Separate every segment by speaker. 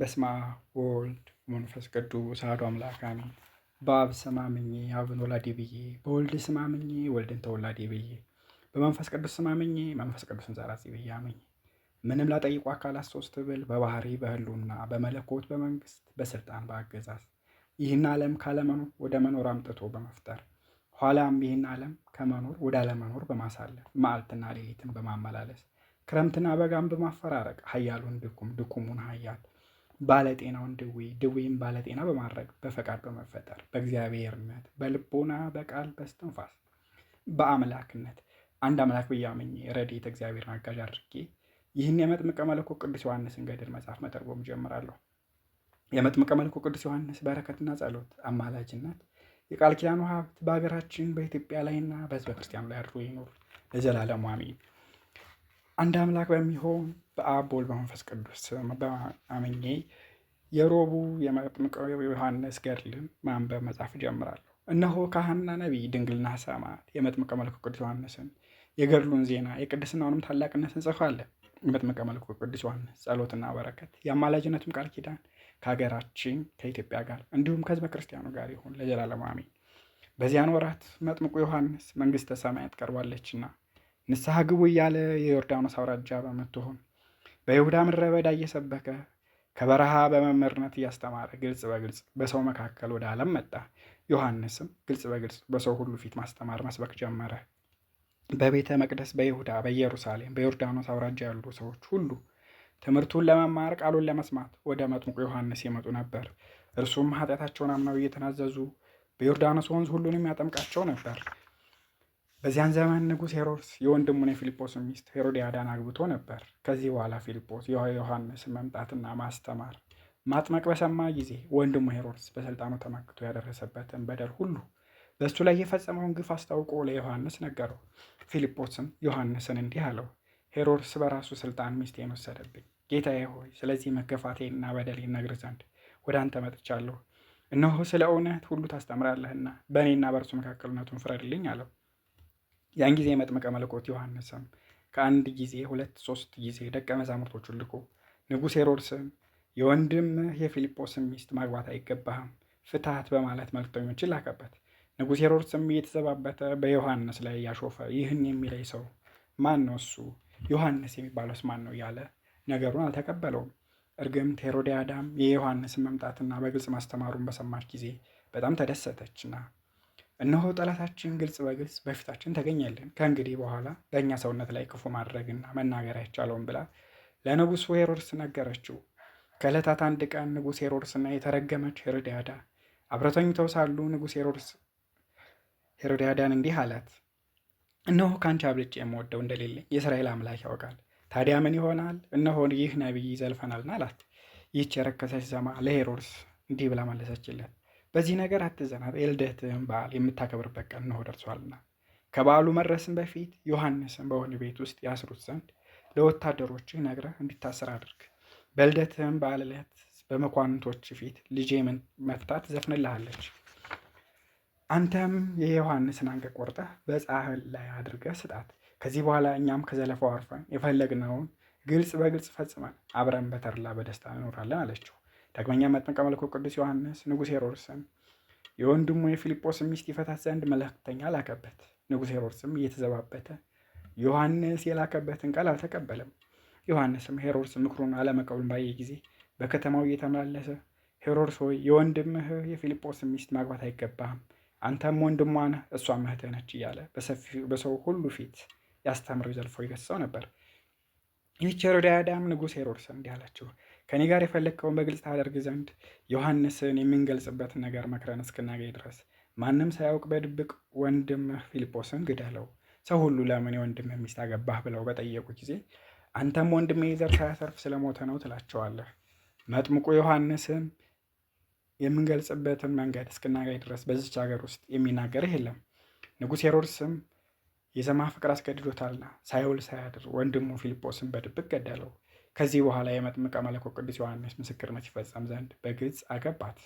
Speaker 1: በስማ ወልድ መንፈስ ቅዱስ አሐዱ አምላክ አሜን። በአብ ስም አምኜ አብን ወላዲ ብዬ፣ በወልድ ስም አምኜ ወልድን ተወላዴ ብዬ፣ በመንፈስ ቅዱስ ስም አምኜ መንፈስ ቅዱስን ዘራጺ ብዬ አምኜ ምንም ላጠይቁ አካላት ሶስት ብል በባህሪ በህሉና በመለኮት በመንግስት በስልጣን በአገዛዝ ይህን ዓለም ካለመኖር ወደ መኖር አምጥቶ በመፍጠር ኋላም ይህን ዓለም ከመኖር ወደ አለመኖር በማሳለፍ መዓልትና ሌሊትን በማመላለስ ክረምትና በጋም በማፈራረቅ ሀያሉን ድኩም ድኩሙን ኃያል ባለጤናውን ድዌ ድዌም ባለጤና በማድረግ በፈቃድ በመፈጠር በእግዚአብሔርነት በልቦና በቃል በስትንፋስ በአምላክነት አንድ አምላክ ብያመኝ አምኜ ረድኤተ እግዚአብሔርን አጋዥ አድርጌ ይህን የመጥምቀ መለኮት ቅዱስ ዮሐንስን ገድል መጽሐፍ መተርጎም ጀምራለሁ። የመጥምቀ መለኮት ቅዱስ ዮሐንስ በረከትና ጸሎት፣ አማላጅነት፣ የቃል ኪዳኑ ሀብት በሀገራችን በኢትዮጵያ ላይና በሕዝበ ክርስቲያኑ ላይ አድሮ ይኖር ለዘላለሙ አሜን። አንድ አምላክ በሚሆን በአብ በመንፈስ ቅዱስ አምኜ የሮቡ የመጥምቀው ዮሐንስ ገድልን ማንበብ መጻፍ ጀምራለሁ። እነሆ ካህንና ነቢይ፣ ድንግልና ሰማዕት የመጥምቀ መልኩ ቅዱስ ዮሐንስን የገድሉን ዜና የቅድስናውንም ታላቅነት እንጽፋለን። የመጥምቀ መልኩ ቅዱስ ዮሐንስ ጸሎትና በረከት የአማላጅነቱም ቃል ኪዳን ከሀገራችን ከኢትዮጵያ ጋር እንዲሁም ከሕዝበ ክርስቲያኑ ጋር ይሁን ለዘላለም አሜን። በዚያን ወራት መጥምቁ ዮሐንስ መንግስተ ሰማያት ቀርባለችና ንስሐ ግቡ እያለ የዮርዳኖስ አውራጃ በምትሆን በይሁዳ ምድረ በዳ እየሰበከ ከበረሃ በመምህርነት እያስተማረ ግልጽ በግልጽ በሰው መካከል ወደ ዓለም መጣ። ዮሐንስም ግልጽ በግልጽ በሰው ሁሉ ፊት ማስተማር መስበክ ጀመረ። በቤተ መቅደስ በይሁዳ በኢየሩሳሌም በዮርዳኖስ አውራጃ ያሉ ሰዎች ሁሉ ትምህርቱን ለመማር ቃሉን ለመስማት ወደ መጥምቁ ዮሐንስ ይመጡ ነበር። እርሱም ኃጢአታቸውን አምነው እየተናዘዙ በዮርዳኖስ ወንዝ ሁሉንም ያጠምቃቸው ነበር። በዚያን ዘመን ንጉሥ ሄሮድስ የወንድሙን የፊልጶስ ሚስት ሄሮዲያዳን አግብቶ ነበር። ከዚህ በኋላ ፊልጶስ የዮሐንስን መምጣትና ማስተማር ማጥመቅ በሰማ ጊዜ ወንድሙ ሄሮድስ በስልጣኑ ተመክቶ ያደረሰበትን በደል ሁሉ በእሱ ላይ የፈጸመውን ግፍ አስታውቆ ለዮሐንስ ነገረው። ፊልጶስም ዮሐንስን እንዲህ አለው፣ ሄሮድስ በራሱ ስልጣን ሚስቴን ወሰደብኝ። ጌታዬ ሆይ ስለዚህ መገፋቴና በደል ይነግር ዘንድ ወደ አንተ መጥቻለሁ። እነሆ ስለ እውነት ሁሉ ታስተምራለህና በእኔና በእርሱ መካከል እውነቱን ፍረድልኝ አለው። ያን ጊዜ መጥምቀ መለኮት ዮሐንስም ከአንድ ጊዜ ሁለት ሶስት ጊዜ ደቀ መዛሙርቶቹን ልኮ ንጉሥ ሄሮድስም የወንድምህ የፊልጶስን ሚስት ማግባት አይገባህም ፍትሃት በማለት መልክተኞችን ላከበት። ንጉሥ ሄሮድስም እየተዘባበተ በዮሐንስ ላይ ያሾፈ ይህን የሚለይ ሰው ማን ነው? እሱ ዮሐንስ የሚባለውስ ማን ነው? እያለ ነገሩን አልተቀበለውም። እርግምት ሄሮዲያዳም የዮሐንስን መምጣትና በግልጽ ማስተማሩን በሰማች ጊዜ በጣም ተደሰተችና እነሆ ጠላታችን ግልጽ በግልጽ በፊታችን ተገኛለን። ከእንግዲህ በኋላ ለእኛ ሰውነት ላይ ክፉ ማድረግና መናገር አይቻለውም ብላ ለንጉሱ ሄሮድስ ነገረችው። ከዕለታት አንድ ቀን ንጉሥ ሄሮድስና የተረገመች ሄሮድያዳ አብረተኝተው ሳሉ ንጉሥ ሄሮድስ ሄሮድያዳን እንዲህ አላት። እነሆ ከአንቺ አብልጬ የምወደው እንደሌለኝ የእስራኤል አምላክ ያውቃል። ታዲያ ምን ይሆናል? እነሆ ይህ ነቢይ ይዘልፈናልና አላት። ይህች የረከሰች ዘማ ለሄሮድስ እንዲህ ብላ መለሰችለት። በዚህ ነገር አትዘናር፣ የልደትህን በዓል የምታከብርበት ቀን ነው ደርሷልና። ከበዓሉ መድረስን በፊት ዮሐንስን በወህኒ ቤት ውስጥ ያስሩት ዘንድ ለወታደሮችህ ነግረህ እንዲታሰር አድርግ። በልደትህን በዓል ዕለት በመኳንንቶች ፊት ልጄ መፍታት ዘፍንልሃለች። አንተም የዮሐንስን አንገት ቆርጠህ በጻሕል ላይ አድርገህ ስጣት። ከዚህ በኋላ እኛም ከዘለፋው አርፈን የፈለግነውን ግልጽ በግልጽ ፈጽመን አብረን በተርላ በደስታ እንኖራለን አለችው። ዳግመኛ መጥምቀ መለኮት ቅዱስ ዮሐንስ ንጉሥ ሄሮድስም የወንድሙ የፊልጶስን ሚስት ይፈታት ዘንድ መልእክተኛ ላከበት። ንጉሥ ሄሮድስም እየተዘባበተ ዮሐንስ የላከበትን ቃል አልተቀበለም። ዮሐንስም ሄሮድስ ምክሩን አለመቀበሉን ባየ ጊዜ በከተማው እየተመላለሰ ሄሮድስ ሆይ የወንድምህ የፊልጶስን ሚስት ማግባት አይገባህም፣ አንተም ወንድሟ ነህ፣ እሷም እህትህ ነች እያለ በሰው ሁሉ ፊት ያስተምረው ዘልፎ ይገሰው ነበር። ይህች ሄሮዳያዳም ንጉሥ ሄሮድስን እንዲህ አለችው ከእኔ ጋር የፈለግከውን በግልጽ ታደርግ ዘንድ ዮሐንስን የምንገልጽበትን ነገር መክረን እስክናገኝ ድረስ ማንም ሳያውቅ በድብቅ ወንድም ፊልጶስን ግዳለው ሰው ሁሉ ለምን የወንድም ሚስት አገባህ ብለው በጠየቁ ጊዜ አንተም ወንድሜ ዘር ሳያሰርፍ ስለሞተ ነው ትላቸዋለህ። መጥምቁ ዮሐንስን የምንገልጽበትን መንገድ እስክናገኝ ድረስ በዚች ሀገር ውስጥ የሚናገርህ የለም። ንጉሥ ሄሮድስም የዘማ ፍቅር አስገድዶታልና ሳይውል ሳያድር ወንድሙ ፊልጶስን በድብቅ ገደለው። ከዚህ በኋላ የመጥምቀ መለኮት ቅዱስ ዮሐንስ ምስክርነት ይፈጸም ዘንድ በግልጽ አገባት።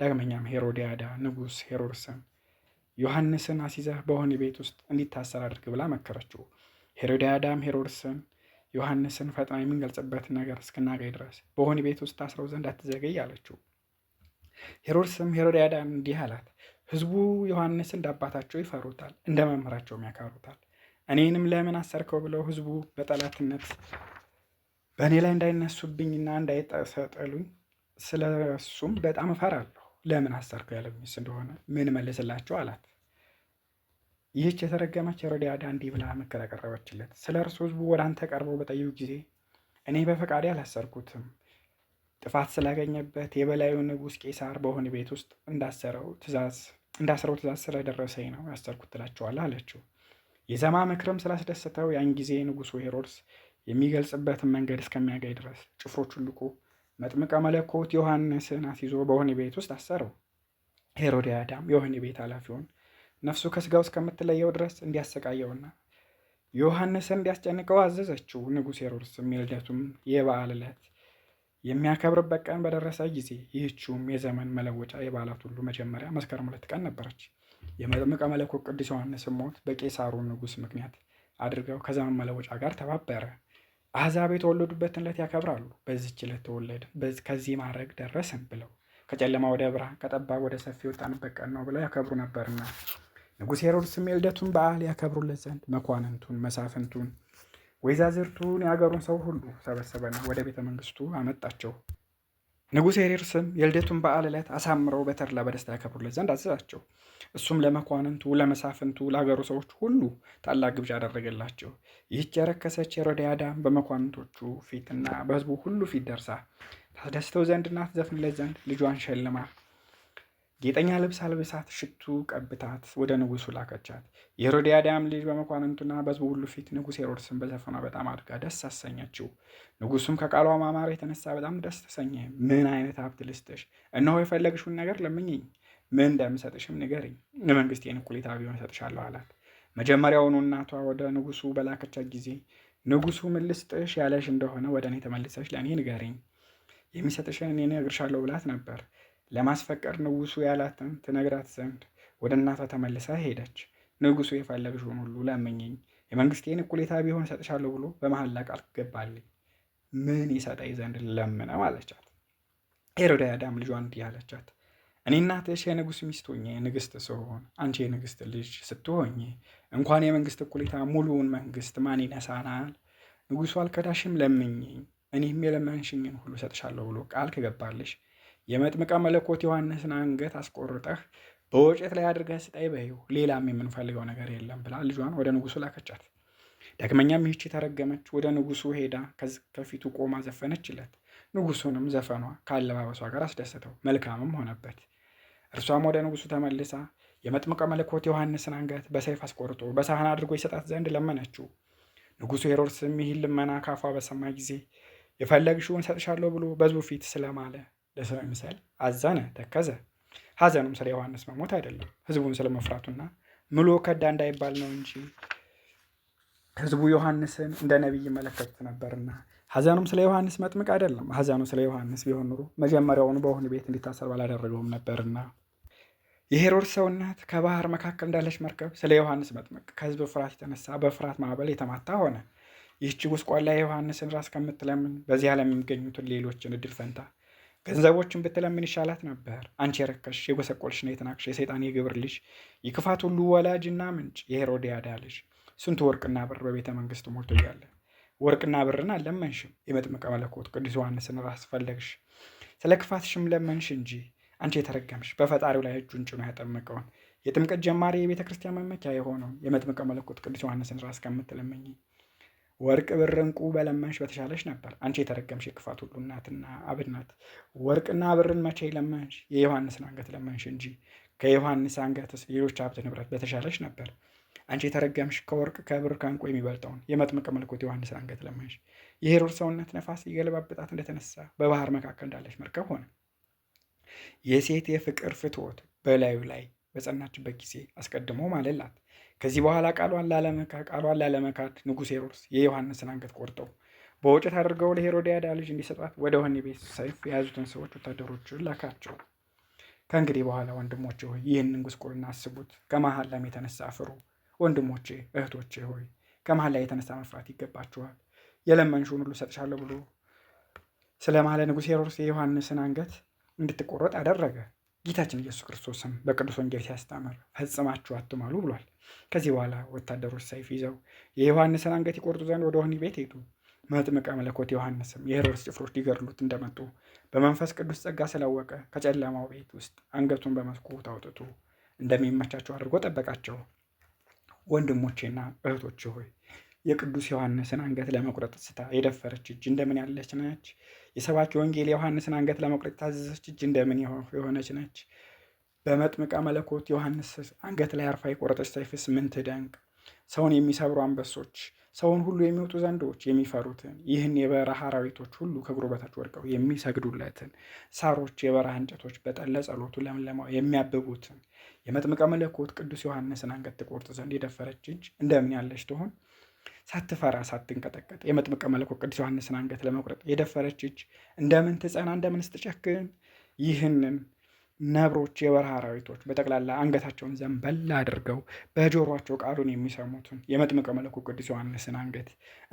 Speaker 1: ዳግመኛም ሄሮዲያዳ ንጉሥ ሄሮድስን ዮሐንስን አሲዘህ በወህኒ ቤት ውስጥ እንዲታሰር አድርግ ብላ መከረችው። ሄሮዲያዳም ሄሮድስን ዮሐንስን ፈጥና የምንገልጽበት ነገር እስክናገኝ ድረስ በወህኒ ቤት ውስጥ ታስረው ዘንድ አትዘገይ አለችው። ሄሮድስም ሄሮዲያዳን እንዲህ አላት፣ ህዝቡ ዮሐንስ እንደ አባታቸው ይፈሩታል፣ እንደ መምህራቸውም ያካሩታል። እኔንም ለምን አሰርከው ብለው ህዝቡ በጠላትነት በእኔ ላይ እንዳይነሱብኝና እንዳይጠሰጠሉኝ ስለ እሱም በጣም እፈራለሁ። ለምን አሰርኩ ያለብኝስ እንደሆነ ምን መልስላቸው አላት። ይህች የተረገመች ሄሮድያዳ እንዲህ ብላ ምክር ያቀረበችለት፣ ስለ እርሱ ህዝቡ ወደ አንተ ቀርበው በጠየቁ ጊዜ እኔ በፈቃዴ አላሰርኩትም፣ ጥፋት ስላገኘበት የበላዩ ንጉሥ ቄሳር በሆነ ቤት ውስጥ እንዳሰረው ትእዛዝ ትእዛዝ ስለደረሰኝ ነው ያሰርኩት ትላቸዋለህ አለችው። የዘማ ምክርም ስላስደሰተው ያን ጊዜ ንጉሱ ሄሮድስ የሚገልጽበትን መንገድ እስከሚያገኝ ድረስ ጭፍሮቹን ልኮ መጥምቀ መለኮት ዮሐንስን አስይዞ በወህኒ ቤት ውስጥ አሰረው። ሄሮድያዳም የወህኒ ቤት ኃላፊውን ነፍሱ ከስጋው እስከምትለየው ድረስ እንዲያሰቃየውና ዮሐንስን እንዲያስጨንቀው አዘዘችው። ንጉሥ ሄሮድስም የልደቱም የበዓል ዕለት የሚያከብርበት ቀን በደረሰ ጊዜ ይህችውም የዘመን መለወጫ የበዓላት ሁሉ መጀመሪያ መስከረም ሁለት ቀን ነበረች። የመጥምቀ መለኮት ቅዱስ ዮሐንስ ሞት በቄሳሩ ንጉሥ ምክንያት አድርገው ከዘመን መለወጫ ጋር ተባበረ። አሕዛብ የተወለዱበትን ዕለት ያከብራሉ። በዚህች ዕለት ተወለድ ከዚህ ማድረግ ደረስን ብለው ከጨለማ ወደ ብርሃን ከጠባብ ወደ ሰፊ የወጣንበት ቀን ነው ብለው ያከብሩ ነበርና ንጉሥ ሄሮድስም የልደቱን በዓል ያከብሩለት ዘንድ መኳንንቱን፣ መሳፍንቱን፣ ወይዛዝርቱን የአገሩን ሰው ሁሉ ሰበሰበና ወደ ቤተ መንግስቱ አመጣቸው። ንጉሥ ሄሮድስም የልደቱን በዓል ዕለት አሳምረው በተድላ በደስታ ያከብሩለት ዘንድ አዘዛቸው። እሱም ለመኳንንቱ፣ ለመሳፍንቱ፣ ለአገሩ ሰዎች ሁሉ ታላቅ ግብዣ አደረገላቸው። ይህች የረከሰች ሄሮድያዳም በመኳንንቶቹ ፊትና በሕዝቡ ሁሉ ፊት ደርሳ ታስደስተው ዘንድና ትዘፍንለት ዘንድ ልጇን ሸልማ ጌጠኛ ልብስ አልብሳት ሽቱ ቀብታት ወደ ንጉሱ ላከቻት። የሄሮድያዳም ልጅ በመኳንንቱና በሕዝቡ ሁሉ ፊት ንጉሥ ሄሮድስን በዘፈኗ በጣም አድርጋ ደስ አሰኘችው። ንጉሱም ከቃሏ ማማር የተነሳ በጣም ደስ ተሰኘ። ምን አይነት ሀብት ልስጥሽ? እነሆ የፈለግሽውን ነገር ለምኝኝ፣ ምን እንደምሰጥሽም ንገሪኝ፣ ለመንግስቴን እኩሌታ ቢሆን እሰጥሻለሁ አላት። መጀመሪያውኑ እናቷ ወደ ንጉሱ በላከቻት ጊዜ ንጉሱ ምን ልስጥሽ ያለሽ እንደሆነ ወደ እኔ ተመልሰሽ ለእኔ ንገሪኝ፣ የሚሰጥሽን እኔ እነግርሻለሁ ብላት ነበር። ለማስፈቀድ ንጉሱ ያላትን ትነግራት ዘንድ ወደ እናቷ ተመልሳ ሄደች። ንጉሱ የፈለግሽውን ሁሉ ለምኝኝ፣ የመንግስቴን እኩሌታ ቢሆን እሰጥሻለሁ ብሎ በመሐላ ቃል ገባልኝ። ምን ይሰጠኝ ዘንድ ለምነው አለቻት። ሄሮድያዳም ልጇ እንዲህ አለቻት፣ እኔ እናትሽ የንጉስ ሚስት ሆኜ ንግሥት ስሆን አንቺ የንግስት ልጅ ስትሆኝ እንኳን የመንግስት እኩሌታ ሙሉውን መንግስት ማን ይነሳናል? ንጉሱ አልከዳሽም፣ ለምኝኝ፣ እኔም የለመንሽኝን ሁሉ እሰጥሻለሁ ብሎ ቃል ከገባልሽ የመጥምቀ መለኮት ዮሐንስን አንገት አስቆርጠህ በወጭት ላይ አድርገህ ስጠይ በይው፣ ሌላም የምንፈልገው ነገር የለም ብላ ልጇን ወደ ንጉሱ ላከቻት። ዳግመኛም ይህቺ ተረገመች ወደ ንጉሱ ሄዳ ከፊቱ ቆማ ዘፈነችለት። ንጉሱንም ዘፈኗ ከአለባበሷ ጋር አስደሰተው፣ መልካምም ሆነበት። እርሷም ወደ ንጉሱ ተመልሳ የመጥምቀ መለኮት ዮሐንስን አንገት በሰይፍ አስቆርጦ በሳህን አድርጎ ይሰጣት ዘንድ ለመነችው። ንጉሱ ሄሮድስም ይህን ልመና ካፏ በሰማ ጊዜ የፈለግሽውን ሰጥሻለሁ ብሎ በሕዝቡ ፊት ስለማለ ለስመ ምሳሌ አዘነ ተከዘ። ሐዘኑም ስለ ዮሐንስ መሞት አይደለም፣ ህዝቡን ስለመፍራቱና ምሎ ከዳ እንዳይባል ነው እንጂ ህዝቡ ዮሐንስን እንደ ነቢይ ይመለከቱት ነበርና። ሐዘኑም ስለ ዮሐንስ መጥምቅ አይደለም። ሐዘኑ ስለ ዮሐንስ ቢሆን ኑሮ መጀመሪያውኑ በወህኒ ቤት እንዲታሰር ባላደረገውም ነበርና። የሄሮድስ ሰውነት ከባህር መካከል እንዳለች መርከብ ስለ ዮሐንስ መጥምቅ ከህዝብ ፍርሃት የተነሳ በፍርሃት ማዕበል የተማታ ሆነ። ይህች ጉስቋላ የዮሐንስን ራስ ከምትለምን በዚህ ዓለም የሚገኙትን ሌሎችን እድል ፈንታ ገንዘቦችን ብትለምን ይሻላት ነበር። አንቺ የረከሽ የጎሰቆልሽ ነው የተናቅሽ የሰይጣን የግብር ልጅ የክፋት ሁሉ ወላጅና ምንጭ የሄሮዲያዳ ልጅ ስንቱ ወርቅና ብር በቤተ መንግስት ሞልቶ እያለ ወርቅና ብርን አለመንሽም። የመጥምቀ መለኮት ቅዱስ ዮሐንስን ራስ ፈለግሽ። ስለ ክፋትሽም ለመንሽ እንጂ አንቺ የተረገምሽ በፈጣሪው ላይ እጁን ጭኖ ያጠመቀውን የጥምቀት ጀማሪ የቤተ ክርስቲያን መመኪያ የሆነውን የመጥምቀ መለኮት ቅዱስ ዮሐንስን ራስ ከምትለመኝ ወርቅ ብር እንቁ በለመንሽ በተሻለሽ ነበር አንቺ የተረገምሽ የክፋት ሁሉ እናትና አብድ ናት። ወርቅና ብርን መቼ ለመንሽ? የዮሐንስን አንገት ለመንሽ እንጂ ከዮሐንስ አንገትስ ሌሎች ሀብት ንብረት በተሻለሽ ነበር። አንቺ የተረገምሽ ከወርቅ ከብር ከእንቁ የሚበልጠውን የመጥምቀ መለኮት ዮሐንስን አንገት ለመንሽ። የሄሮድስ ሰውነት ነፋስ የገለባበጣት እንደተነሳ በባህር መካከል እንዳለች መርከብ ሆነ። የሴት የፍቅር ፍትወት በላዩ ላይ በጸናችበት ጊዜ አስቀድሞ ማለላት። ከዚህ በኋላ ቃሏን ላለመካት ቃሏን ላለመካት ንጉሥ ሄሮድስ የዮሐንስን አንገት ቆርጠው በወጭት አድርገው ለሄሮዲያዳ ልጅ እንዲሰጣት ወደ ወህኒ ቤት ሰይፍ የያዙትን ሰዎች ወታደሮቹን ላካቸው። ከእንግዲህ በኋላ ወንድሞቼ ሆይ ይህንን ጉስቁልና አስቡት፣ ከመሀል ከመሐላም የተነሳ ፍሩ። ወንድሞቼ እህቶቼ ሆይ ከመሀል ላይ የተነሳ መፍራት ይገባችኋል። የለመንሽውን ሁሉ እሰጥሻለሁ ብሎ ስለማለ ንጉሥ ሄሮድስ የዮሐንስን አንገት እንድትቆረጥ አደረገ። ጌታችን ኢየሱስ ክርስቶስም በቅዱስ ወንጌል ሲያስተምር ፈጽማችሁ አትማሉ ብሏል። ከዚህ በኋላ ወታደሮች ሰይፍ ይዘው የዮሐንስን አንገት ይቆርጡ ዘንድ ወደ ወህኒ ቤት ሄዱ። መጥምቀ መለኮት ዮሐንስም የሄሮድስ ጭፍሮች ሊገድሉት እንደመጡ በመንፈስ ቅዱስ ጸጋ ስላወቀ ከጨለማው ቤት ውስጥ አንገቱን በመስኮት አውጥቶ እንደሚመቻቸው አድርጎ ጠበቃቸው። ወንድሞቼና እህቶቼ ሆይ የቅዱስ ዮሐንስን አንገት ለመቁረጥ ስታ የደፈረች እጅ እንደምን ያለች ነች? የሰባኪ ወንጌል የዮሐንስን አንገት ለመቁረጥ የታዘዘች እጅ እንደምን የሆነች ነች? በመጥምቀ መለኮት ዮሐንስ አንገት ላይ አርፋ የቆረጠች ሰይፍስ ምን ትደንቅ! ሰውን የሚሰብሩ አንበሶች፣ ሰውን ሁሉ የሚወጡ ዘንዶች የሚፈሩትን ይህን የበረሃ አራዊቶች ሁሉ ከእግሩ በታች ወድቀው የሚሰግዱለትን ሳሮች፣ የበረሃ እንጨቶች በጠለ ጸሎቱ ለምለማው የሚያብቡትን የመጥምቀ መለኮት ቅዱስ ዮሐንስን አንገት ትቆርጥ ዘንድ የደፈረች እጅ እንደምን ያለች ትሆን? ሳትፈራ ሳትንቀጠቀጥ የመጥምቀ መለኮት ቅዱስ ዮሐንስን አንገት ለመቁረጥ የደፈረች እጅ እንደምን ትጸና እንደምን ስትጨክን ይህንን ነብሮች የበረሃ አራዊቶች በጠቅላላ አንገታቸውን ዘንበል አድርገው በጆሯቸው ቃሉን የሚሰሙትን የመጥምቀ መለኮት ቅዱስ ዮሐንስን አንገት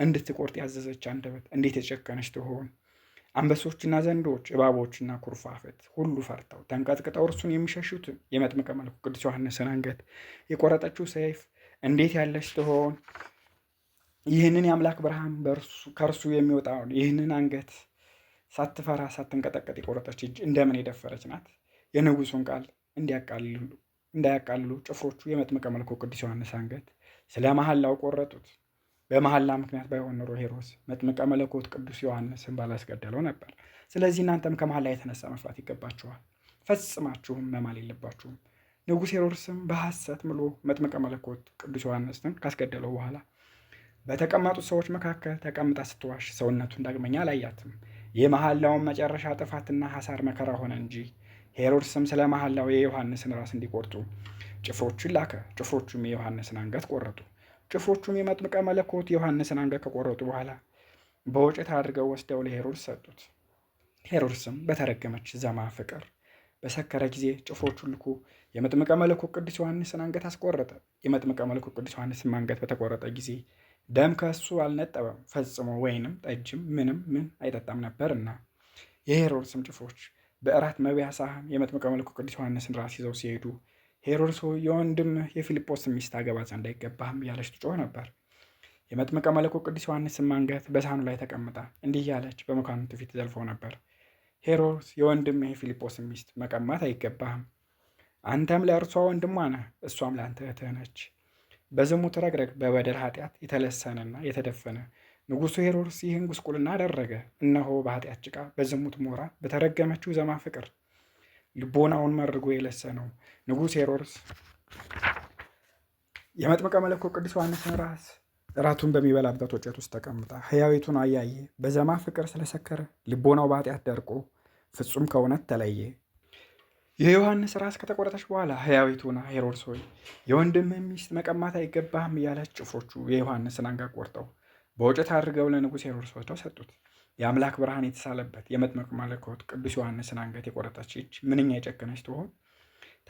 Speaker 1: እንድትቆርጥ ያዘዘች አንደበት እንዴት የጨከነች ትሆን? አንበሶችና ዘንዶች፣ እባቦችና ኩርፋፍት ሁሉ ፈርተው ተንቀጥቅጠው እርሱን የሚሸሹትን የመጥምቀ መለኮት ቅዱስ ዮሐንስን አንገት የቆረጠችው ሰይፍ እንዴት ያለች ትሆን? ይህንን የአምላክ ብርሃን በእርሱ ከእርሱ የሚወጣውን ይህንን አንገት ሳትፈራ ሳትንቀጠቀጥ የቆረጠች እጅ እንደምን የደፈረች ናት? የንጉሱን ቃል እንዳያቃልሉ ጭፍሮቹ የመጥምቀ መለኮት ቅዱስ ዮሐንስ አንገት ስለ መሐላው ቆረጡት። በመሐላ ምክንያት ባይሆን ኖሮ ሄሮስ መጥምቀ መለኮት ቅዱስ ዮሐንስን ባላስገደለው ነበር። ስለዚህ እናንተም ከመሐላ የተነሳ መፍራት ይገባችኋል፣ ፈጽማችሁም መማል የለባችሁም። ንጉሥ ሄሮድስም በሐሰት ምሎ መጥምቀ መለኮት ቅዱስ ዮሐንስን ካስገደለው በኋላ በተቀመጡት ሰዎች መካከል ተቀምጣ ስትዋሽ ሰውነቱን ዳግመኛ አላያትም። የመሐላውን መጨረሻ ጥፋትና ሐሳር መከራ ሆነ እንጂ ሄሮድስም ስለ መሐላው የዮሐንስን ራስ እንዲቆርጡ ጭፍሮቹን ላከ። ጭፍሮቹም የዮሐንስን አንገት ቆረጡ። ጭፍሮቹም የመጥምቀ መለኮት ዮሐንስን አንገት ከቆረጡ በኋላ በወጭት አድርገው ወስደው ለሄሮድስ ሰጡት። ሄሮድስም በተረገመች ዘማ ፍቅር በሰከረ ጊዜ ጭፍሮቹን ልኩ የመጥምቀ መለኮት ቅዱስ ዮሐንስን አንገት አስቆረጠ። የመጥምቀ መለኮት ቅዱስ ዮሐንስን አንገት በተቆረጠ ጊዜ ደም ከሱ አልነጠበም ፈጽሞ፣ ወይንም ጠጅም ምንም ምን አይጠጣም ነበርና። የሄሮድስም ጭፎች በእራት መብያ ሳህን የመጥምቀ መለኮት ቅዱስ ዮሐንስን ራስ ይዘው ሲሄዱ ሄሮድስ የወንድም የፊልጶስ ሚስት አገባ ዘንድ አይገባህም እያለች ትጮህ ነበር። የመጥምቀ መለኮት ቅዱስ ዮሐንስን አንገት በሳህኑ ላይ ተቀምጣ እንዲህ እያለች በመኳንንቱ ፊት ዘልፎ ነበር። ሄሮድስ የወንድም የፊልጶስ ሚስት መቀማት አይገባህም፣ አንተም ለእርሷ ወንድሟ ነህ፣ እሷም ለአንተ እህትህ ነች። በዝሙት ረግረግ በበደል ኃጢአት የተለሰነና የተደፈነ ንጉሡ ሄሮድስ ይህን ጉስቁልና አደረገ። እነሆ በኃጢአት ጭቃ በዝሙት ሞራ በተረገመችው ዘማ ፍቅር ልቦናውን መርጎ የለሰነው ንጉሥ ሄሮድስ የመጥመቀ መለኮት ቅዱስ ዮሐንስን ራስ እራቱን በሚበላበት ወጨት ውስጥ ተቀምጣ ሕያዊቱን አያየ። በዘማ ፍቅር ስለሰከረ ልቦናው በኃጢአት ደርቆ ፍጹም ከእውነት ተለየ። የዮሐንስ ራስ ከተቆረጠች በኋላ ሕያዊቱና ሄሮድስ ሆይ የወንድምህን ሚስት መቀማት አይገባህም እያለች ጭፍሮቹ የዮሐንስን አንጋ ቆርጠው በወጭት አድርገው ለንጉሥ ሄሮድስ ወጥተው ሰጡት። የአምላክ ብርሃን የተሳለበት የመጥመቅ መለኮት ቅዱስ ዮሐንስን አንገት የቆረጠች እጅ ምንኛ የጨከነች ትሆን!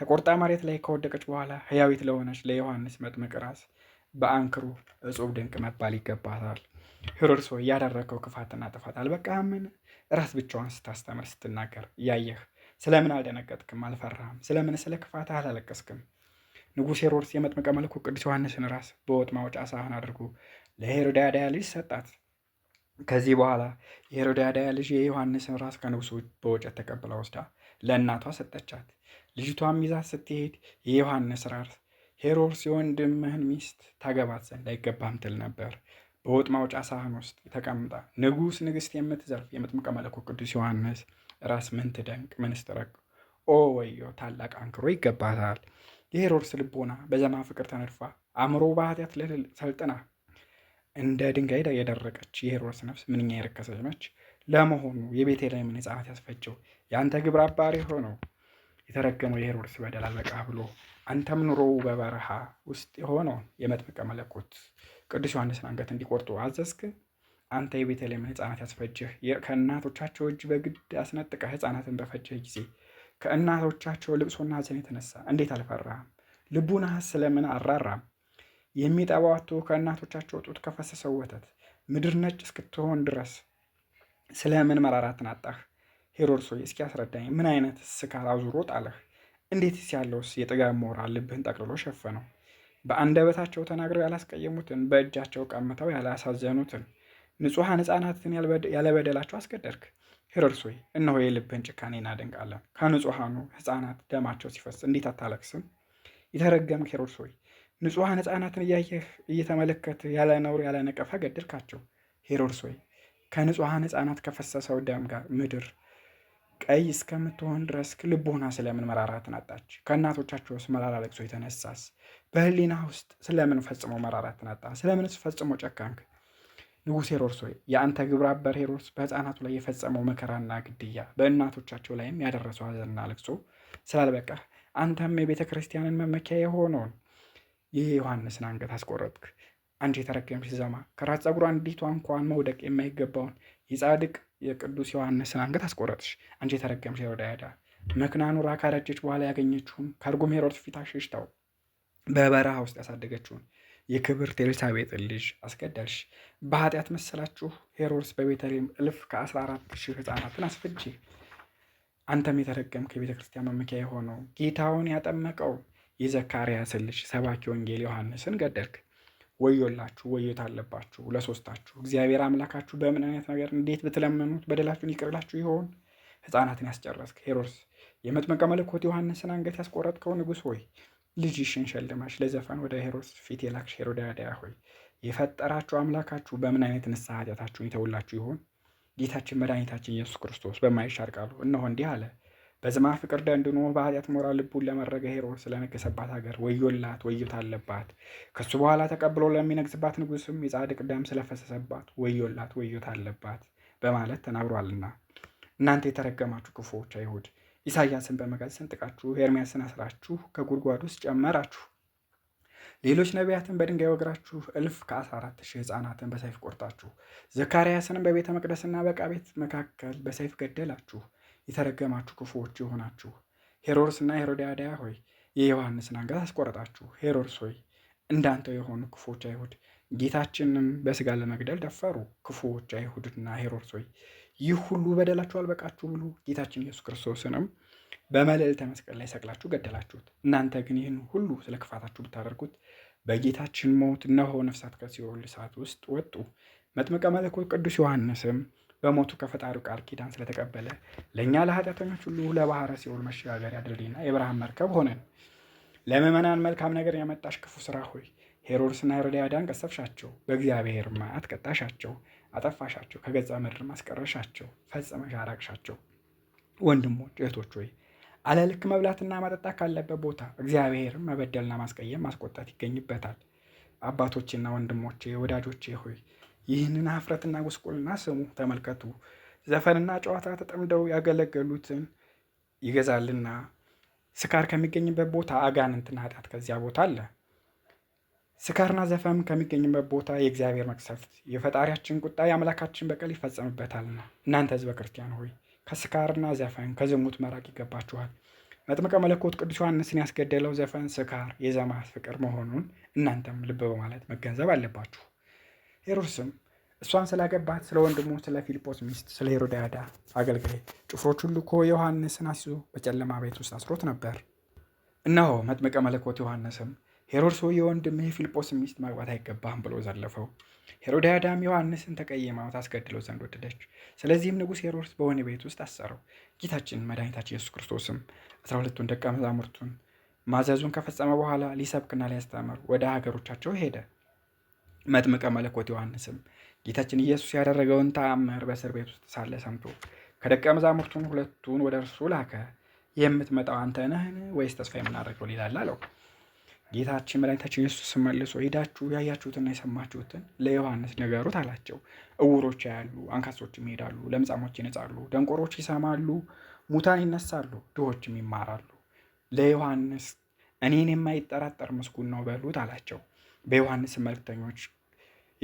Speaker 1: ተቆርጣ መሬት ላይ ከወደቀች በኋላ ሕያዊት ለሆነች ለዮሐንስ መጥምቅ ራስ በአንክሩ እጹብ ድንቅ መባል ይገባታል። ሄሮድስ ሆይ ያደረገው ክፋትና ጥፋት አልበቃህምን? ራስ ብቻዋን ስታስተምር ስትናገር እያየህ ስለምን አልደነገጥክም? አልፈራህም? ስለምን ስለ ክፋትህ አላለቀስክም? ንጉሥ ሄሮድስ የመጥምቀ መልኩ ቅዱስ ዮሐንስን ራስ በወጥ ማውጫ ሳህን አድርጎ ለሄሮዳዳ ልጅ ሰጣት። ከዚህ በኋላ የሄሮዳዳ ልጅ የዮሐንስን ራስ ከንጉሱ በወጨት ተቀብላ ወስዳ ለእናቷ ሰጠቻት። ልጅቷም ይዛት ስትሄድ የዮሐንስ ራስ ሄሮድስ የወንድምህን ሚስት ታገባት ዘንድ አይገባም ትል ነበር። በወጥ ማውጫ ሳህን ውስጥ ተቀምጣ ንጉሥ ንግሥት የምትዘርፍ የመጥምቀ መለኮት ቅዱስ ዮሐንስ ራስ ምን ትደንቅ ምን ስትረግ ኦ ወዮ ታላቅ አንክሮ ይገባታል። የሄሮድስ ልቦና በዘማ ፍቅር ተነድፋ አእምሮ ባህትያት ሰልጥና እንደ ድንጋይ የደረቀች የሄሮድስ ነፍስ ምንኛ የረከሰች ነች። ለመሆኑ የቤተልሔምን ሕፃናት ያስፈጀው የአንተ ግብረ አባሪ ሆነው የተረገመው የሄሮድስ በደል አበቃ ብሎ አንተም ኑሮው በበረሃ ውስጥ የሆነውን የመጥምቀ መለኮት ቅዱስ ዮሐንስን አንገት እንዲቆርጡ አዘዝክ። አንተ የቤተልሔም ሕፃናት ያስፈጅህ ከእናቶቻቸው እጅ በግድ ያስነጥቀህ ሕፃናትን በፈጀህ ጊዜ ከእናቶቻቸው ልቅሶና ሐዘን የተነሳ እንዴት አልፈራህም? ልቡናህስ ስለምን አራራም? የሚጠባው አጥቶ ከእናቶቻቸው ጡት ከፈሰሰው ወተት ምድር ነጭ እስክትሆን ድረስ ስለምን መራራትን አጣህ? ሄሮድስ ሆይ እስኪ ምን አይነት ስካር አዙሮ ጣለህ? እንዴትስ ያለውስ የጥጋብ ሞራል ልብህን ጠቅልሎ ሸፈነው? በአንደበታቸው ተናግረው ያላስቀየሙትን በእጃቸው ቀምተው ያላሳዘኑትን ንጹሐን ሕፃናትን ያለበደላቸው አስገደድክ። ሄሮድስ ሆይ እነሆ የልብህን ጭካኔ እናደንቃለን። ከንጹሐኑ ሕፃናት ደማቸው ሲፈስ እንዴት አታለቅስም? የተረገምክ ሄሮድስ ሆይ ንጹሐን ሕፃናትን እያየህ እየተመለከትህ ያለ ነውር ያለ ነቀፋ ገደልካቸው። ሄሮድስ ሆይ ከንጹሐን ሕፃናት ከፈሰሰው ደም ጋር ምድር ቀይ እስከምትሆን ድረስ ልቦና ስለምን መራራትን አጣች? ከእናቶቻቸው ውስጥ መራራ ለቅሶ የተነሳስ በህሊና ውስጥ ስለምን ፈጽሞ መራራትን አጣ? ስለምንስ ፈጽሞ ጨካንክ? ንጉሥ ሄሮድስ ሆይ የአንተ ግብረ አበር ሄሮድስ በሕፃናቱ ላይ የፈጸመው መከራና ግድያ በእናቶቻቸው ላይም ያደረሰው ሐዘንና ልቅሶ ስላልበቃህ አንተም የቤተ ክርስቲያንን መመኪያ የሆነውን ይህ ዮሐንስን አንገት አስቆረጥክ። አንቺ የተረገምሽ ዘማ ከራስ ፀጉሯ አንዲቷ እንኳን መውደቅ የማይገባውን የጻድቅ የቅዱስ ዮሐንስን አንገት አስቆረጥሽ። አንቺ የተረገምሽ ሄሮድያዳ መክና ኑራ ካረጀች በኋላ ያገኘችውን ከርጉም ሄሮድስ ፊት አሽሽታው በበረሃ ውስጥ ያሳደገችውን የክብርት ኤልሳቤጥን ልጅ አስገደልሽ። በኃጢአት መሰላችሁ ሄሮድስ በቤተልሔም እልፍ ከ14 ሺህ ሕፃናትን አንተም የተረገምክ የቤተ ክርስቲያን መመኪያ የሆነው ጌታውን ያጠመቀው የዘካርያስ ልጅ ሰባኪ ወንጌል ዮሐንስን ገደልክ። ወዮላችሁ፣ ወዮት አለባችሁ ለሶስታችሁ። እግዚአብሔር አምላካችሁ በምን አይነት ነገር እንዴት ብትለመኑት በደላችሁን ይቅር ይሆን? ህፃናትን ያስጨረስክ ሄሮድስ የመጥመቀ መለኮት ዮሐንስን አንገት ያስቆረጥከው ንጉሥ ሆይ ልጅሽን ሸልማሽ ለዘፈን ወደ ሄሮድስ ፊት የላክሽ ሄሮዳያዳ ሆይ የፈጠራችሁ አምላካችሁ በምን አይነት ንስሐ ኃጢአታችሁን ይተውላችሁ ይሆን? ጌታችን መድኃኒታችን ኢየሱስ ክርስቶስ በማይሻር ቃሉ እነሆ እንዲህ አለ። በዝማ ፍቅር ደንድኖ በኃጢአት ሞራ ልቡን ለመረገ ሄሮድስ ስለነገሰባት ሀገር ወዮላት፣ ወዮት አለባት። ከሱ በኋላ ተቀብሎ ለሚነግስባት ንጉስም የጻድቅ ደም ስለፈሰሰባት ወዮላት፣ ወዮት አለባት በማለት ተናግሯልና እናንተ የተረገማችሁ ክፉዎች አይሁድ ኢሳያስን በመጋዝ ሰንጥቃችሁ ኤርሚያስን አስራችሁ ከጉድጓድ ውስጥ ጨመራችሁ። ሌሎች ነቢያትን በድንጋይ ወግራችሁ እልፍ ከ አራት ሺህ በሰይፍ ቆርጣችሁ ዘካርያስንም በቤተ መቅደስና በዕቃ ቤት መካከል በሰይፍ ገደላችሁ። የተረገማችሁ ክፉዎች የሆናችሁ ሄሮድስና ሄሮድያዳ ሆይ የዮሐንስን አንገት አስቆረጣችሁ። ሄሮድስ ሆይ እንዳንተው የሆኑ ክፉዎች አይሁድ ጌታችንም በስጋ ለመግደል ደፈሩ። ክፉዎች አይሁድና ሄሮድስ ሆይ ይህ ሁሉ በደላችሁ አልበቃችሁ ብሎ ጌታችን ኢየሱስ ክርስቶስንም በመልዕልተ መስቀል ላይ ሰቅላችሁ ገደላችሁት። እናንተ ግን ይህን ሁሉ ስለ ክፋታችሁ ብታደርጉት በጌታችን ሞት እነሆ ነፍሳት ከሲኦል እሳት ውስጥ ወጡ። መጥምቀ መለኮት ቅዱስ ዮሐንስም በሞቱ ከፈጣሪው ቃል ኪዳን ስለተቀበለ ለእኛ ለኃጢአተኞች ሁሉ ለባህረ ሲኦል መሸጋገሪያ ድልድይና የብርሃን መርከብ ሆነን። ለምዕመናን መልካም ነገር ያመጣሽ ክፉ ስራ ሆይ ሄሮድስና ሄሮድያዳን ቀሰፍሻቸው፣ በእግዚአብሔር መዓት ቀጣሻቸው። አጠፋሻቸው፣ ከገጸ ምድር ማስቀረሻቸው፣ ፈጽመሽ አራቅሻቸው። ወንድሞች እህቶች ሆይ አለልክ መብላትና መጠጣት ካለበት ቦታ እግዚአብሔርን መበደልና ማስቀየም ማስቆጣት ይገኝበታል። አባቶቼና ወንድሞቼ ወዳጆቼ ሆይ ይህንን ሀፍረትና ጉስቁልና ስሙ፣ ተመልከቱ። ዘፈንና ጨዋታ ተጠምደው ያገለገሉትን ይገዛልና ስካር ከሚገኝበት ቦታ አጋንንትና ኃጢአት ከዚያ ቦታ አለ። ስካርና ዘፈም ከሚገኝበት ቦታ የእግዚአብሔር መቅሰፍት የፈጣሪያችን ቁጣ የአምላካችን በቀል ይፈጸምበታልና። እናንተ ህዝበ ክርስቲያን ሆይ ከስካርና ዘፈን ከዝሙት መራቅ ይገባችኋል። መጥምቀ መለኮት ቅዱስ ዮሐንስን ያስገደለው ዘፈን ስካር፣ የዘማት ፍቅር መሆኑን እናንተም ልብ በማለት መገንዘብ አለባችሁ። ሄሮድስም እሷን ስላገባት ስለ ወንድሙ ስለ ፊልጶስ ሚስት ስለ ሄሮድያዳ አገልጋይ ሁሉ ልኮ ዮሐንስን አስይዞ በጨለማ ቤት ውስጥ አስሮት ነበር። እነሆ መጥምቀ መለኮት ዮሐንስም ሄሮድስ ሆይ የወንድምህ ፊልጶስ ሚስት ማግባት አይገባህም ብሎ ዘለፈው። ሄሮድያዳም ዮሐንስን ተቀየመው፣ አስገድለው ዘንድ ወደደች። ስለዚህም ንጉሥ ሄሮድስ በሆነ ቤት ውስጥ አሰረው። ጌታችን መድኃኒታችን ኢየሱስ ክርስቶስም አስራ ሁለቱን ደቀ መዛሙርቱን ማዘዙን ከፈጸመ በኋላ ሊሰብክና ሊያስተምር ወደ ሀገሮቻቸው ሄደ። መጥምቀ መለኮት ዮሐንስም ጌታችን ኢየሱስ ያደረገውን ተአምር በእስር ቤት ውስጥ ሳለ ሰምቶ ከደቀ መዛሙርቱን ሁለቱን ወደ እርሱ ላከ። የምትመጣው አንተ ነህን? ወይስ ተስፋ የምናደርገው ሌላ አለው። ጌታችን መድኃኒታችን ኢየሱስ መልሶ ሄዳችሁ ያያችሁትና የሰማችሁትን ለዮሐንስ ንገሩት አላቸው። እውሮች ያሉ፣ አንካሶችም ይሄዳሉ፣ ለምጻሞች ይነጻሉ፣ ደንቆሮች ይሰማሉ፣ ሙታን ይነሳሉ፣ ድሆችም ይማራሉ። ለዮሐንስ እኔን የማይጠራጠር ምስጉን ነው በሉት አላቸው። በዮሐንስ መልክተኞች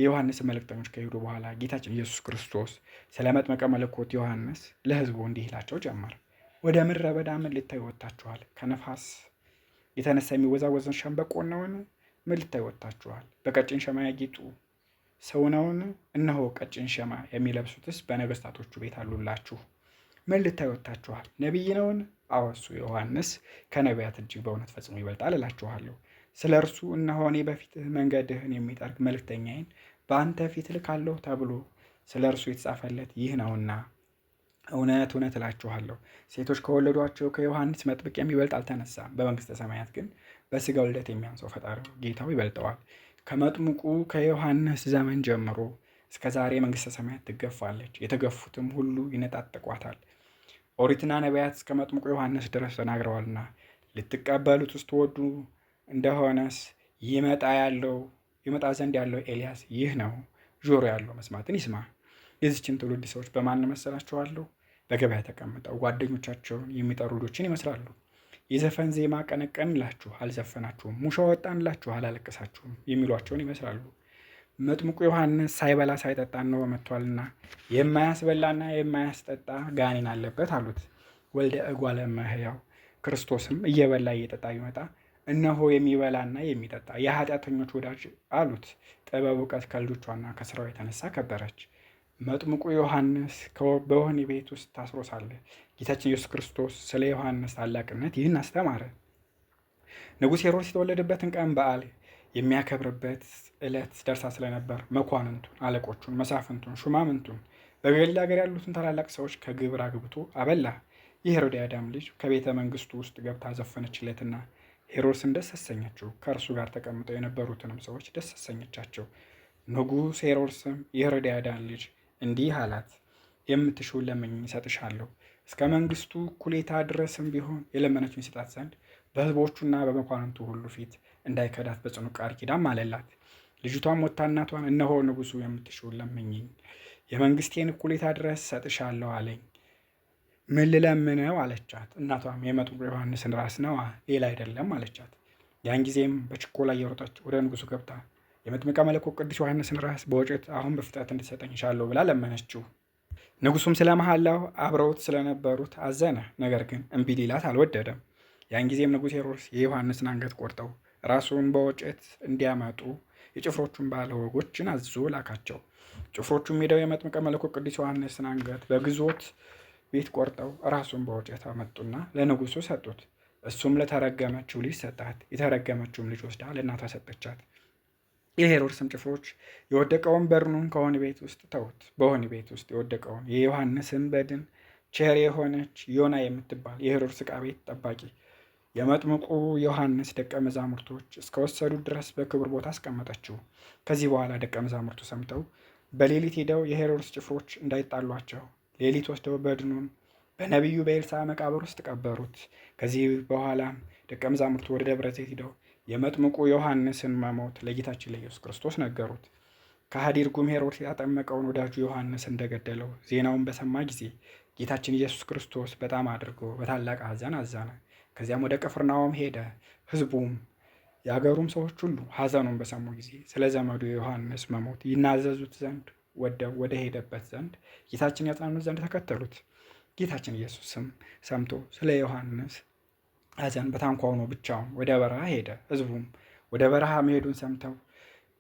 Speaker 1: የዮሐንስ መልእክተኞች ከሄዱ በኋላ ጌታችን ኢየሱስ ክርስቶስ ስለ መጥመቀ መለኮት ዮሐንስ ለሕዝቡ እንዲህ ይላቸው ጀመር። ወደ ምድረ በዳ ምን ልታይ ወጥታችኋል? ከነፋስ የተነሳ የሚወዛወዘን ሸምበቆ ነውን? ምን ልታይ ወጥታችኋል? በቀጭን ሸማ ያጌጡ ሰው ነውን? እነሆ ቀጭን ሸማ የሚለብሱትስ በነገስታቶቹ ቤት አሉላችሁ። ምን ልታይ ወጥታችኋል? ነቢይ ነውን? አወሱ ዮሐንስ ከነቢያት እጅግ በእውነት ፈጽሞ ይበልጣል እላችኋለሁ። ስለ እርሱ እነሆ እኔ በፊትህ መንገድህን የሚጠርግ መልእክተኛዬን በአንተ ፊት እልካለሁ ተብሎ ስለ እርሱ የተጻፈለት ይህ ነውና እውነት እውነት እላችኋለሁ ሴቶች ከወለዷቸው ከዮሐንስ መጥምቅ የሚበልጥ አልተነሳም። በመንግስተ ሰማያት ግን በስጋ ውልደት የሚያንሰው ፈጣሪ ጌታው ይበልጠዋል። ከመጥምቁ ከዮሐንስ ዘመን ጀምሮ እስከ ዛሬ መንግስተ ሰማያት ትገፋለች፣ የተገፉትም ሁሉ ይነጣጠቋታል። ኦሪትና ነቢያት እስከ መጥምቁ ዮሐንስ ድረስ ተናግረዋልና ልትቀበሉት ወዱ እንደሆነስ ይመጣ ያለው ይመጣ ዘንድ ያለው ኤልያስ ይህ ነው። ጆሮ ያለው መስማትን ይስማ። የዚችን ትውልድ ሰዎች በማን እመስላችኋለሁ? በገበያ ተቀምጠው ጓደኞቻቸውን የሚጠሩ ልጆችን ይመስላሉ። የዘፈን ዜማ ቀነቀንላችሁ አልዘፈናችሁም፣ ሙሻ ወጣንላችሁ አላለቀሳችሁም የሚሏቸውን ይመስላሉ። መጥምቁ ዮሐንስ ሳይበላ ሳይጠጣ ነው መጥቷልና የማያስበላና የማያስጠጣ ጋኔን አለበት አሉት። ወልደ እጓለ እመሕያው ክርስቶስም እየበላ እየጠጣ ይመጣ እነሆ የሚበላና የሚጠጣ የኃጢአተኞች ወዳጅ አሉት። ጥበብ እውቀት ከልጆቿና ከስራው የተነሳ ከበረች። መጥምቁ ዮሐንስ በወህኒ ቤት ውስጥ ታስሮ ሳለ ጌታችን ኢየሱስ ክርስቶስ ስለ ዮሐንስ ታላቅነት ይህን አስተማረ። ንጉሥ ሄሮድስ የተወለደበትን ቀን በዓል የሚያከብርበት ዕለት ደርሳ ስለነበር መኳንንቱን፣ አለቆቹን፣ መሳፍንቱን፣ ሹማምንቱን በገሊላ ሀገር ያሉትን ታላላቅ ሰዎች ከግብር አግብቶ አበላ። የሄሮድያዳም ልጅ ከቤተ መንግስቱ ውስጥ ገብታ ዘፈነችለትና ሄሮድስን ደስ አሰኘችው። ከእርሱ ጋር ተቀምጠው የነበሩትንም ሰዎች ደስ አሰኘቻቸው። ንጉሥ ሄሮድስም የሄሮድያዳን ልጅ እንዲህ አላት፣ የምትሹ ለምኝ እሰጥሻለሁ። እስከ መንግስቱ እኩሌታ ድረስም ቢሆን የለመነችውን ይሰጣት ዘንድ በህዝቦቹና በመኳንንቱ ሁሉ ፊት እንዳይከዳት በጽኑ ቃል ኪዳን አለላት። ልጅቷም ወታ እናቷን እነሆ ንጉሱ የምትሹውን ለምኝኝ፣ የመንግስቴን እኩሌታ ድረስ ሰጥሻለሁ አለኝ። ምን ልለምነው አለቻት። እናቷም የመጥምቁ ዮሐንስን ራስ ነው ሌላ አይደለም አለቻት። ያን ጊዜም በችኮላ እየሮጠች ወደ ንጉሱ ገብታ የመጥምቀ መለኮት ቅዱስ ዮሐንስን ራስ በወጭት አሁን በፍጥነት እንድትሰጠኝ እሻለሁ ብላ ለመነችው። ንጉሱም ስለ መሐላው አብረውት ስለነበሩት አዘነ። ነገር ግን እምቢ ሊላት አልወደደም። ያን ጊዜም ንጉሥ ሄሮድስ የዮሐንስን አንገት ቆርጠው ራሱን በወጭት እንዲያመጡ የጭፍሮቹን ባለወጎችን አዞ ላካቸው። ጭፍሮቹም ሄደው የመጥምቀ መለኮት ቅዱስ ዮሐንስን አንገት በግዞት ቤት ቆርጠው ራሱን በወጭት አመጡና ለንጉሱ ሰጡት። እሱም ለተረገመችው ልጅ ሰጣት። የተረገመችውም ልጅ ወስዳ ለእናቷ ሰጠቻት። የሄሮድስም ጭፍሮች የወደቀውን በርኑን ከወህኒ ቤት ውስጥ ተውት። በወህኒ ቤት ውስጥ የወደቀውን የዮሐንስን በድን ቸር የሆነች ዮና የምትባል የሄሮድስ ዕቃ ቤት ጠባቂ የመጥምቁ ዮሐንስ ደቀ መዛሙርቶች እስከወሰዱት ድረስ በክብር ቦታ አስቀመጠችው። ከዚህ በኋላ ደቀ መዛሙርቱ ሰምተው በሌሊት ሄደው የሄሮድስ ጭፍሮች እንዳይጣሏቸው ሌሊት ወስደው በድኑን በነቢዩ በኤልሳ መቃብር ውስጥ ቀበሩት። ከዚህ በኋላ ደቀ መዛሙርቱ ወደ ደብረ ዘይት ሄደው የመጥምቁ ዮሐንስን መሞት ለጌታችን ለኢየሱስ ክርስቶስ ነገሩት። ከሃዲ ርጉም ሄሮድስ ያጠመቀውን ወዳጁ ዮሐንስ እንደገደለው ዜናውን በሰማ ጊዜ ጌታችን ኢየሱስ ክርስቶስ በጣም አድርጎ በታላቅ ሐዘን አዘነ። ከዚያም ወደ ቅፍርናሆም ሄደ። ሕዝቡም የአገሩም ሰዎች ሁሉ ሐዘኑን በሰሙ ጊዜ ስለ ዘመዱ የዮሐንስ መሞት ይናዘዙት ዘንድ ወደው ወደ ሄደበት ዘንድ ጌታችን ያጽናኑት ዘንድ ተከተሉት። ጌታችን ኢየሱስም ሰምቶ ስለ ዮሐንስ ሐሰን በታንኳው ነው ብቻውን ወደ በረሃ ሄደ። ህዝቡም ወደ በረሃ መሄዱን ሰምተው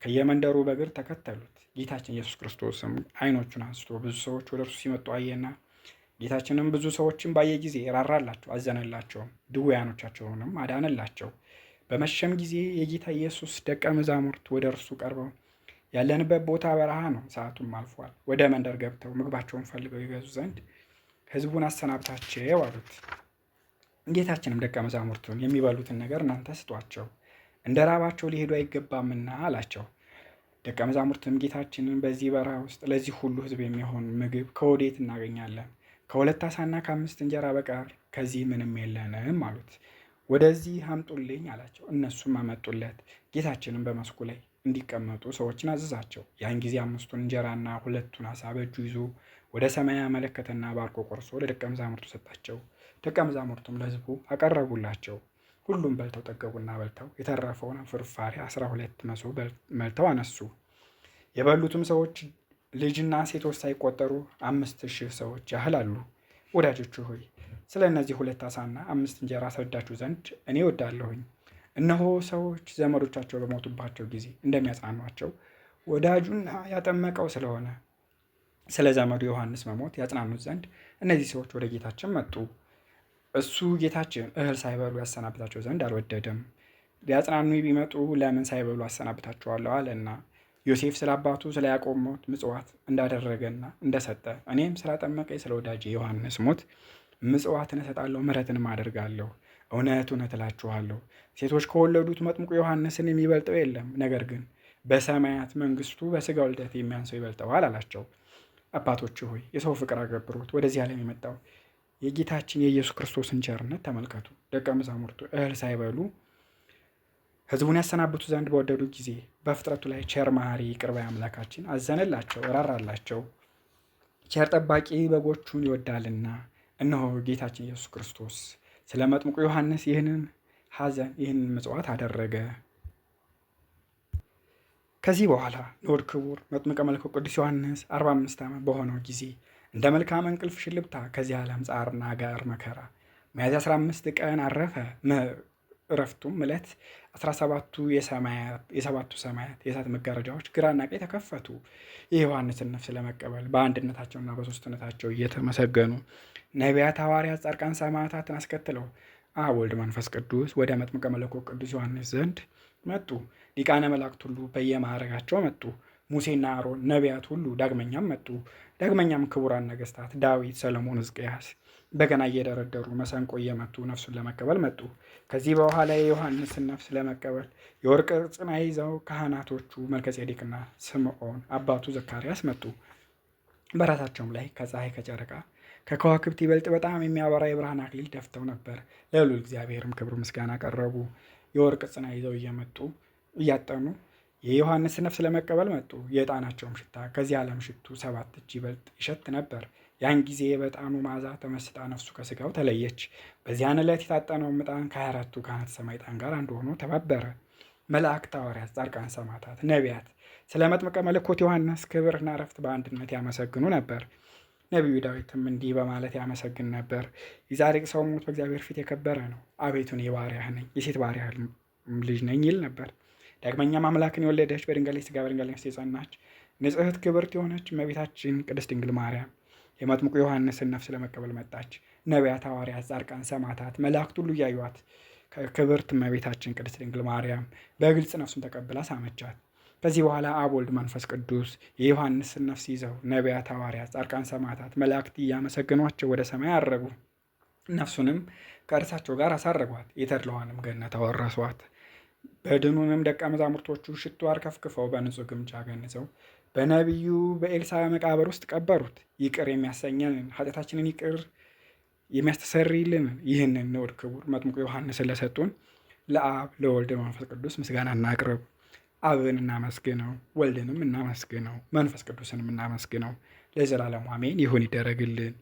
Speaker 1: ከየመንደሩ በእግር ተከተሉት። ጌታችን ኢየሱስ ክርስቶስም አይኖቹን አንስቶ ብዙ ሰዎች ወደ እርሱ ሲመጡ አየና ጌታችንም ብዙ ሰዎችን ባየ ጊዜ ራራላቸው፣ አዘነላቸውም፣ ድውያኖቻቸውንም አዳነላቸው። በመሸም ጊዜ የጌታ ኢየሱስ ደቀ መዛሙርት ወደ እርሱ ቀርበው ያለንበት ቦታ በረሃ ነው፣ ሰዓቱም አልፏል። ወደ መንደር ገብተው ምግባቸውን ፈልገው ይገዙ ዘንድ ህዝቡን አሰናብታቸው አሉት። ጌታችንም ደቀ መዛሙርቱን የሚበሉትን ነገር እናንተ ስጧቸው፣ እንደ ራባቸው ሊሄዱ አይገባምና አላቸው። ደቀ መዛሙርትም ጌታችንን በዚህ በረሃ ውስጥ ለዚህ ሁሉ ሕዝብ የሚሆን ምግብ ከወዴት እናገኛለን? ከሁለት አሳና ከአምስት እንጀራ በቀር ከዚህ ምንም የለንም አሉት። ወደዚህ አምጡልኝ አላቸው። እነሱም አመጡለት። ጌታችንም በመስኩ ላይ እንዲቀመጡ ሰዎችን አዘዛቸው። ያን ጊዜ አምስቱን እንጀራና ሁለቱን አሳ በእጁ ይዞ ወደ ሰማይ አመለከተና ባርኮ ቆርሶ ለደቀ መዛሙርቱ ሰጣቸው። ደቀ መዛሙርቱም ለሕዝቡ አቀረቡላቸው። ሁሉም በልተው ጠገቡና በልተው የተረፈውን ፍርፋሪ አስራ ሁለት መሶ መልተው አነሱ። የበሉትም ሰዎች ልጅና ሴቶች ሳይቆጠሩ አምስት ሺህ ሰዎች ያህል አሉ። ወዳጆቹ ሆይ ስለ እነዚህ ሁለት አሳና አምስት እንጀራ አስረዳችሁ ዘንድ እኔ ወዳለሁኝ። እነሆ ሰዎች ዘመዶቻቸው በሞቱባቸው ጊዜ እንደሚያጽናኗቸው ወዳጁና ያጠመቀው ስለሆነ ስለ ዘመዱ ዮሐንስ መሞት ያጽናኑት ዘንድ እነዚህ ሰዎች ወደ ጌታችን መጡ። እሱ ጌታችን እህል ሳይበሉ ያሰናብታቸው ዘንድ አልወደድም። ሊያጽናኑ ቢመጡ ለምን ሳይበሉ አሰናብታቸዋለሁ አለና ዮሴፍ ስለ አባቱ ስለ ያዕቆብ ሞት ምጽዋት እንዳደረገና እንደሰጠ እኔም ስላጠመቀኝ ስለ ወዳጄ ዮሐንስ ሞት ምጽዋትን እሰጣለሁ፣ ምሕረትንም አደርጋለሁ። እውነት እውነት እላችኋለሁ ሴቶች ከወለዱት መጥምቁ ዮሐንስን የሚበልጠው የለም። ነገር ግን በሰማያት መንግስቱ በስጋ ውልደት የሚያንሰው ይበልጠዋል አላቸው። አባቶች ሆይ የሰው ፍቅር አገብሩት ወደዚህ ዓለም የመጣው የጌታችን የኢየሱስ ክርስቶስን ቸርነት ተመልከቱ። ደቀ መዛሙርቱ እህል ሳይበሉ ሕዝቡን ያሰናብቱ ዘንድ በወደዱ ጊዜ በፍጥረቱ ላይ ቸር መሐሪ፣ ይቅር ባይ አምላካችን አዘነላቸው፣ እራራላቸው። ቸር ጠባቂ በጎቹን ይወዳልና። እነሆ ጌታችን ኢየሱስ ክርስቶስ ስለ መጥምቁ ዮሐንስ ይህንን ሐዘን ይህንን ምጽዋት አደረገ። ከዚህ በኋላ ንዑድ ክቡር መጥምቀ መለኮት ቅዱስ ዮሐንስ 45 ዓመት በሆነው ጊዜ እንደ መልካም እንቅልፍ ሽልብታ ከዚህ ዓለም ጻርና ጋር መከራ ሚያዝያ 15 ቀን አረፈ። እረፍቱም ዕለት 17ቱ የሰባቱ ሰማያት የእሳት መጋረጃዎች ግራና ቀኝ ተከፈቱ። የዮሐንስን ነፍስ ለመቀበል በአንድነታቸውና በሶስትነታቸው እየተመሰገኑ ነቢያት፣ ሐዋርያት፣ ጻድቃን፣ ሰማዕታትን አስከትለው አብ ወልድ መንፈስ ቅዱስ ወደ መጥምቀ መለኮት ቅዱስ ዮሐንስ ዘንድ መጡ። ሊቃነ መላእክት ሁሉ በየማዕረጋቸው መጡ። ሙሴና አሮን፣ ነቢያት ሁሉ ዳግመኛም መጡ። ዳግመኛም ክቡራን ነገስታት ዳዊት፣ ሰለሞን፣ ሕዝቅያስ በገና እየደረደሩ መሰንቆ እየመቱ ነፍሱን ለመቀበል መጡ። ከዚህ በኋላ የዮሐንስን ነፍስ ለመቀበል የወርቅ ጽና ይዘው ካህናቶቹ መልከጼዴቅና ስምዖን አባቱ ዘካርያስ መጡ። በራሳቸውም ላይ ከፀሐይ ከጨረቃ ከከዋክብት ይበልጥ በጣም የሚያበራ የብርሃን አክሊል ደፍተው ነበር። ለሉ እግዚአብሔርም ክብር ምስጋና ቀረቡ። የወርቅ ጽና ይዘው እየመጡ እያጠኑ የዮሐንስ ነፍስ ለመቀበል መጡ። የዕጣናቸውም ሽታ ከዚህ ዓለም ሽቱ ሰባት እጅ ይበልጥ ይሸት ነበር። ያን ጊዜ በጣኑ መዓዛ ተመስጣ ነፍሱ ከሥጋው ተለየች። በዚያን ዕለት የታጠነውን ዕጣን ከሀያ አራቱ ካህናተ ጋር አንድ ሆኖ ተባበረ። መላእክት፣ ሐዋርያት፣ ጻድቃን፣ ሰማዕታት፣ ነቢያት ስለ መጥምቀ መለኮት ዮሐንስ ክብርና ረፍት በአንድነት ያመሰግኑ ነበር። ነቢዩ ዳዊትም እንዲህ በማለት ያመሰግን ነበር። የጻድቅ ሰው ሞት በእግዚአብሔር ፊት የከበረ ነው። አቤቱን የባሪያህ ነኝ የሴት ባሪያህ ልጅ ነኝ ይል ነበር። ዳግመኛም አምላክን የወለደች በድንጋይ ላይ ሥጋ በድንጋይ ላይ ነፍስ የጸናች ንጽሕት ክብርት የሆነች እመቤታችን ቅድስት ድንግል ማርያም የመጥምቁ ዮሐንስን ነፍስ ለመቀበል መጣች። ነቢያት፣ ሐዋርያት፣ ጻድቃን፣ ሰማዕታት፣ መላእክት ሁሉ እያዩዋት ክብርት እመቤታችን ቅድስት ድንግል ማርያም በግልጽ ነፍሱን ተቀብላ ሳመቻት። ከዚህ በኋላ አብ ወልድ መንፈስ ቅዱስ የዮሐንስን ነፍስ ይዘው ነቢያት፣ ሐዋርያት፣ ጻድቃን፣ ሰማዕታት፣ መላእክት እያመሰግኗቸው ወደ ሰማይ አረጉ። ነፍሱንም ከእርሳቸው ጋር አሳረጓት። የተድለዋንም ገነት አወረሷት። በድኑንም ደቀ መዛሙርቶቹ ሽቱ አርከፍክፈው በንጹሕ ግምጃ ገንዘው በነቢዩ በኤልሳ መቃብር ውስጥ ቀበሩት። ይቅር የሚያሰኘንን ኃጢአታችንን ይቅር የሚያስተሰሪልን ይህንን ንዑድ ክቡር መጥምቁ ዮሐንስ ስለሰጡን ለአብ ለወልድ መንፈስ ቅዱስ ምስጋና እናቅርብ። አብን እናመስግነው፣ ወልድንም እናመስግነው፣ መንፈስ ቅዱስንም እናመስግነው። ለዘላለም አሜን። ይሁን ይደረግልን።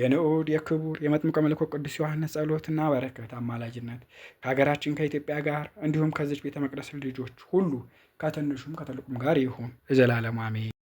Speaker 1: የንዑድ የክቡር የመጥምቀ መለኮት ቅዱስ ዮሐንስ ጸሎትና በረከት አማላጅነት ከሀገራችን ከኢትዮጵያ ጋር እንዲሁም ከዚች ቤተ መቅደስ ልጆች ሁሉ ከትንሹም ከትልቁም ጋር ይሁን እዘላለም አሜን።